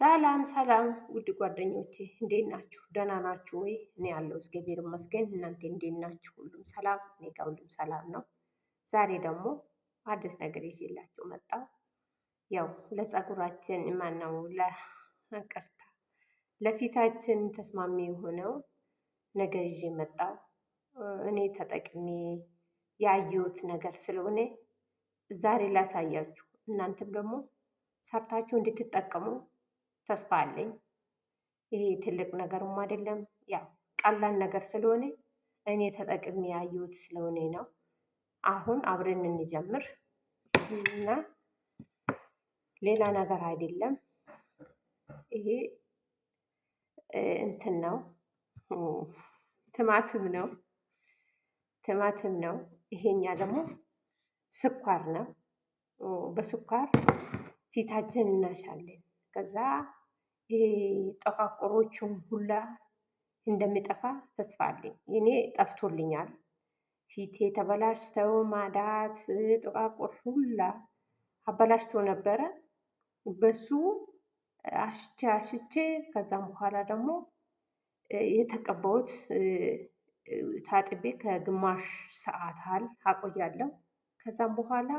ሰላም ሰላም ውድ ጓደኞቼ እንዴት ናችሁ? ደህና ናችሁ ወይ? እኔ ያለው እግዚአብሔር ይመስገን። እናንተ እንዴት ናችሁ? ሁሉም ሰላም? እኔ ጋር ሁሉም ሰላም ነው። ዛሬ ደግሞ አዲስ ነገር ይዤላችሁ መጣሁ። ያው ለፀጉራችን ማነው ለቅርታ ለፊታችን ተስማሚ የሆነው ነገር ይዤ መጣሁ። እኔ ተጠቅሜ ያየሁት ነገር ስለሆነ ዛሬ ላሳያችሁ እናንተም ደግሞ ሰርታችሁ እንድትጠቀሙ ተስፋ አለኝ። ይሄ ትልቅ ነገርም አይደለም፣ ያው ቀላል ነገር ስለሆነ እኔ ተጠቅሜ ያየሁት ስለሆነ ነው። አሁን አብረን እንጀምር እና ሌላ ነገር አይደለም። ይሄ እንትን ነው፣ ትማትም ነው፣ ቲማቲም ነው። ይሄኛ ደግሞ ስኳር ነው። በስኳር ፊታችን እናሻለን ከዛ ጠፋቆሮቹም ሁላ እንደሚጠፋ ተስፋ አለኝ። እኔ ጠፍቶልኛል። ፊቴ ተበላሽተው ማዳት ጠቋቁር ሁላ አበላሽቶ ነበረ። በሱ አሽቼ አሽቼ ከዛም በኋላ ደግሞ የተቀባሁት ታጥቤ ከግማሽ ሰዓት ያህል አቆያለሁ። ከዛም በኋላ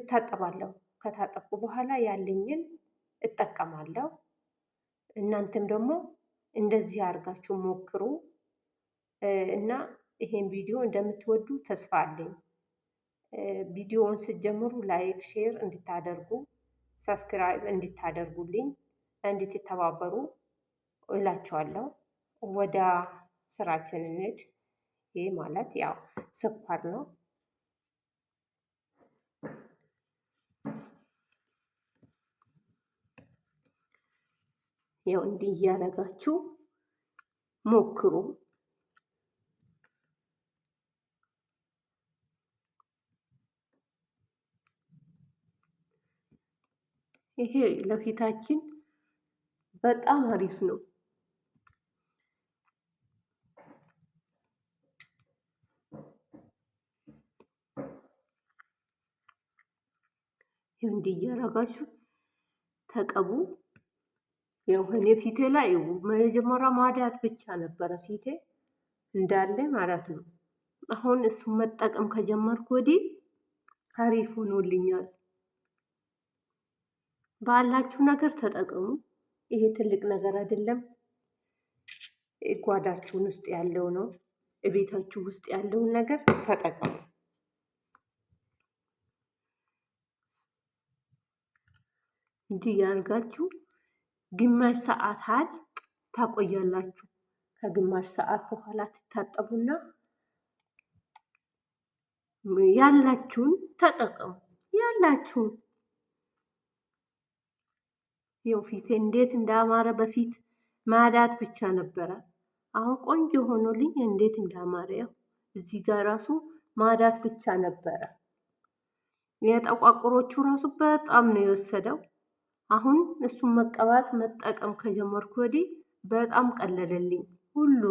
እታጠባለሁ። ከታጠብኩ በኋላ ያለኝን እጠቀማለሁ። እናንተም ደግሞ እንደዚህ አድርጋችሁ ሞክሩ እና ይሄን ቪዲዮ እንደምትወዱ ተስፋ አለኝ። ቪዲዮውን ስትጀምሩ ላይክ፣ ሼር እንድታደርጉ ሰብስክራይብ እንድታደርጉልኝ እንድትተባበሩ እላችኋለሁ። ወደ ስራችን እንሂድ። ይህ ማለት ያው ስኳር ነው። ያው እንዲህ እያደረጋችሁ ሞክሩ። ይሄ ለፊታችን በጣም አሪፍ ነው። እንዲህ እያደረጋችሁ ተቀቡ። ያው እኔ ፊቴ ላይ መጀመሪያ ማዳት ብቻ ነበረ ፊቴ እንዳለ ማለት ነው። አሁን እሱ መጠቀም ከጀመርኩ ወዲህ አሪፍ ሆኖልኛል። ባላችሁ ነገር ተጠቀሙ። ይሄ ትልቅ ነገር አይደለም። ጓዳችሁን ውስጥ ያለው ነው። እቤታችሁ ውስጥ ያለውን ነገር ተጠቀሙ። እንዲህ ያርጋችሁ ግማሽ ሰዓት ያህል ታቆያላችሁ። ከግማሽ ሰዓት በኋላ ትታጠቡና ያላችሁን ተጠቀሙ። ያላችሁን ይኸው ፊቴ እንዴት እንዳማረ በፊት ማዳት ብቻ ነበረ። አሁን ቆንጆ ሆኖልኝ እንዴት እንዳማረ ያው እዚህ ጋር ራሱ ማዳት ብቻ ነበረ። የጠቋቁሮቹ ራሱ በጣም ነው የወሰደው። አሁን እሱን መቀባት መጠቀም ከጀመርኩ ወዲህ በጣም ቀለለልኝ ሁሉ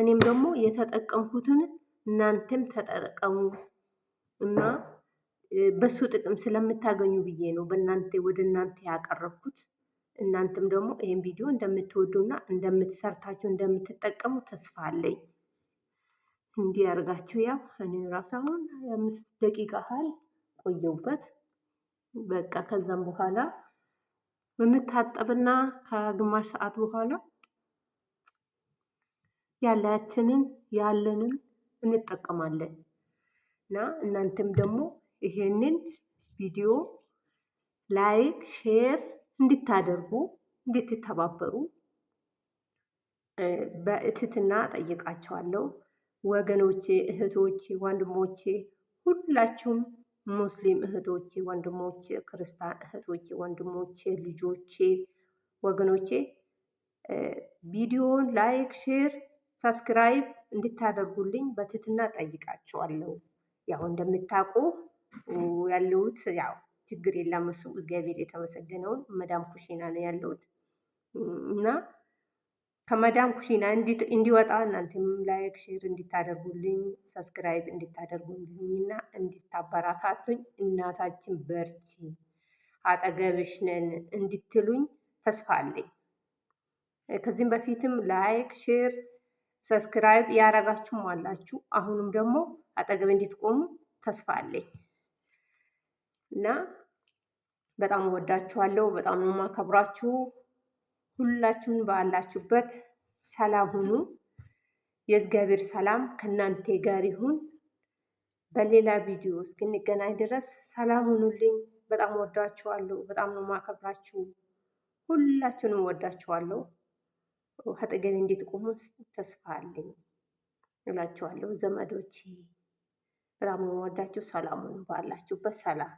እኔም ደግሞ የተጠቀምኩትን እናንተም ተጠቀሙ እና በሱ ጥቅም ስለምታገኙ ብዬ ነው በእናንተ ወደ እናንተ ያቀረብኩት። እናንተም ደግሞ ይህን ቪዲዮ እንደምትወዱና እንደምትሰርታችሁ እንደምትጠቀሙ ተስፋ አለኝ። እንዲህ ያው እኔ ራሱ አሁን አምስት ደቂቃ ያህል ቆየሁበት። በቃ ከዛም በኋላ እንታጠብና ከግማሽ ሰዓት በኋላ ያላችንን ያለንን እንጠቀማለን እና እናንተም ደግሞ ይሄንን ቪዲዮ ላይክ፣ ሼር እንድታደርጉ እንድትተባበሩ በእትትና ጠይቃቸዋለሁ። ወገኖቼ፣ እህቶቼ፣ ወንድሞቼ ሁላችሁም ሙስሊም እህቶቼ ወንድሞቼ፣ ክርስቲያን እህቶቼ ወንድሞቼ፣ ልጆቼ፣ ወገኖቼ ቪዲዮውን ላይክ፣ ሼር፣ ሰብስክራይብ እንድታደርጉልኝ በትህትና ጠይቃቸዋለሁ። ያው እንደምታውቁ ያለሁት ያው ችግር የለም እሱ እግዚአብሔር የተመሰገነውን መዳም ኩሽና ነው ያለሁት እና ከመዳም ኩሽና እንዲወጣ እናንተም ላይክ፣ ሼር እንዲታደርጉልኝ ሰብስክራይብ እና እንዲታበራታቱኝ እናታችን በርቺ አጠገብሽ ነን እንድትሉኝ ተስፋ አለኝ። ከዚህም በፊትም ላይክ፣ ሼር፣ ሰብስክራይብ ያረጋችሁም አላችሁ። አሁንም ደግሞ አጠገብ እንድትቆሙ ተስፋ አለኝ እና በጣም ወዳችኋለሁ። በጣም ነው ማከብራችሁ። ሁላችሁም ባላችሁበት ሰላም ሁኑ። የእግዚአብሔር ሰላም ከእናንተ ጋር ይሁን። በሌላ ቪዲዮ እስክንገናኝ ድረስ ሰላም ሁኑልኝ። በጣም ወዳችኋለሁ። በጣም ነው ማከብራችሁ። ሁላችሁንም ወዳችኋለሁ። ከአጠገቤ እንድትቆሙ ተስፋ አለኝ እላችኋለሁ። ዘመዶቼ በጣም ነው ወዳችሁ። ሰላም ሁኑ ባላችሁበት ሰላም